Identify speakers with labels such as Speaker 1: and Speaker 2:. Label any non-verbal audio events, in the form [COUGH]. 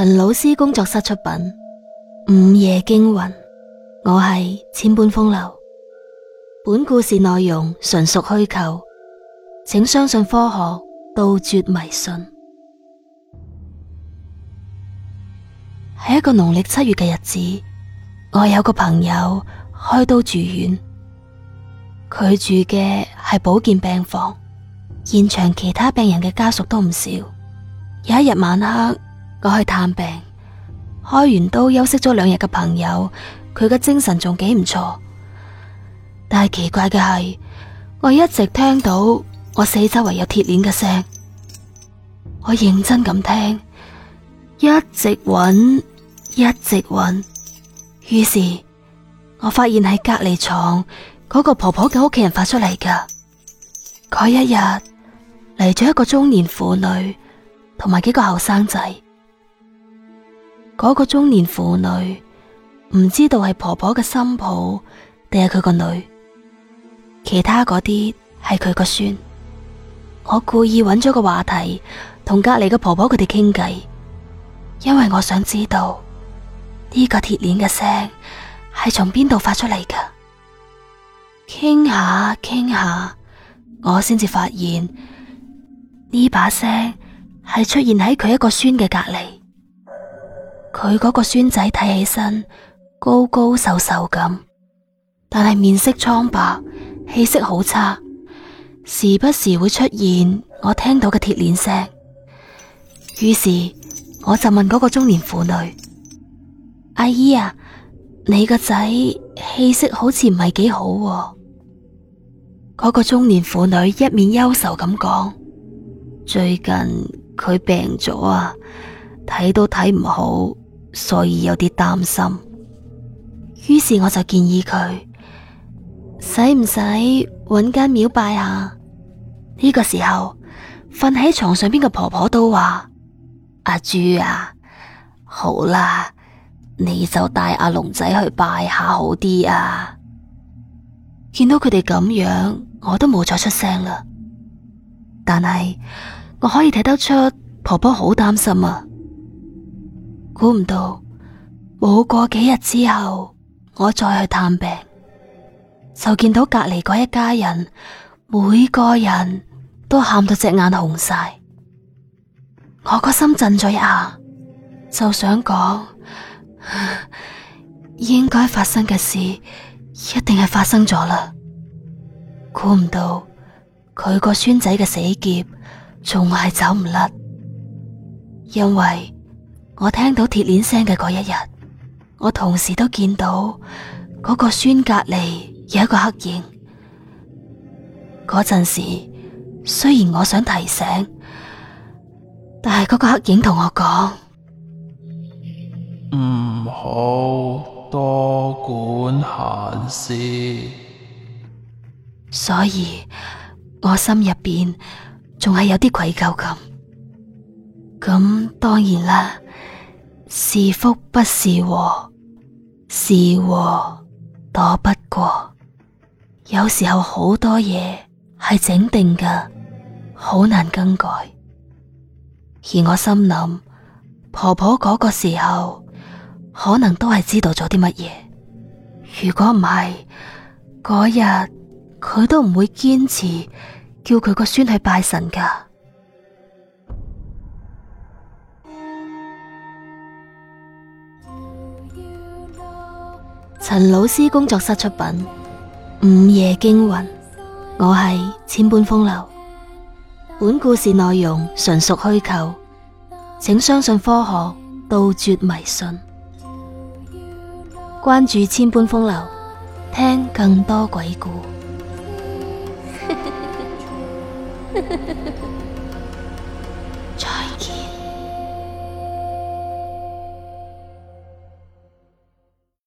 Speaker 1: 陳老師工作室出品《午夜驚魂》，我係千般風流。本故事內容純屬虛構，請相信科學，杜絕迷信。喺 [NOISE] 一個農曆七月嘅日子，我有個朋友開刀住院，佢住嘅係保健病房，現場其他病人嘅家屬都唔少。有一日晚黑。我去探病，開完刀休息咗兩日嘅朋友，佢嘅精神仲幾唔錯。但係奇怪嘅係，我一直聽到我四周圍有鐵鏈嘅聲，我認真咁聽，一直揾，一直揾。於是我發現喺隔籬床嗰個婆婆嘅屋企人發出嚟噶。嗰一日嚟咗一個中年婦女，同埋幾個後生仔。嗰個中年婦女唔知道係婆婆嘅新抱定係佢個女，其他嗰啲係佢個孫。我故意揾咗個話題同隔籬嘅婆婆佢哋傾偈，因為我想知道呢個鐵鏈嘅聲係從邊度發出嚟㗎。傾下傾下，我先至發現呢把聲係出現喺佢一個孫嘅隔籬。佢嗰個孫仔睇起身高高瘦瘦咁，但係面色蒼白，氣色好差，時不時會出現我聽到嘅鐵鏈聲。於是我就問嗰個中年婦女：阿姨啊，你個仔氣色好似唔係幾好喎。嗰個中年婦女一面憂愁咁講：最近佢病咗啊，睇都睇唔好。所以有啲擔心，於是我就建議佢使唔使揾間廟拜下？呢個時候瞓喺床上邊嘅婆婆都話：阿朱啊，好啦，你就帶阿龍仔去拜下好啲啊！見到佢哋咁樣，我都冇再出聲啦。但係我可以睇得出婆婆好擔心啊。估唔到，冇過幾日之後，我再去探病，就見到隔籬嗰一家人每個人都喊到隻眼紅晒，我個心震咗一下，就想講 [LAUGHS] 應該發生嘅事一定係發生咗啦。估唔到佢個孫仔嘅死劫仲係走唔甩，因為。我聽到鐵鏈聲嘅嗰一日，我同時都見到嗰、那個孫隔籬有一個黑影。嗰陣時，雖然我想提醒，但係嗰個黑影同我講唔好多管閒事，所以我心入邊仲係有啲愧疚感。咁當然啦。是福不是禍，是禍躲不過。有時候好多嘢係整定噶，好難更改。而我心諗，婆婆嗰個時候可能都係知道咗啲乜嘢。如果唔係，嗰日佢都唔會堅持叫佢個孫去拜神噶。陳老師工作室出品《午夜驚魂》，我係千般風流。本故事內容純屬虛構，請相信科學，杜絕迷信。關注千般風流，聽更多鬼故。再見。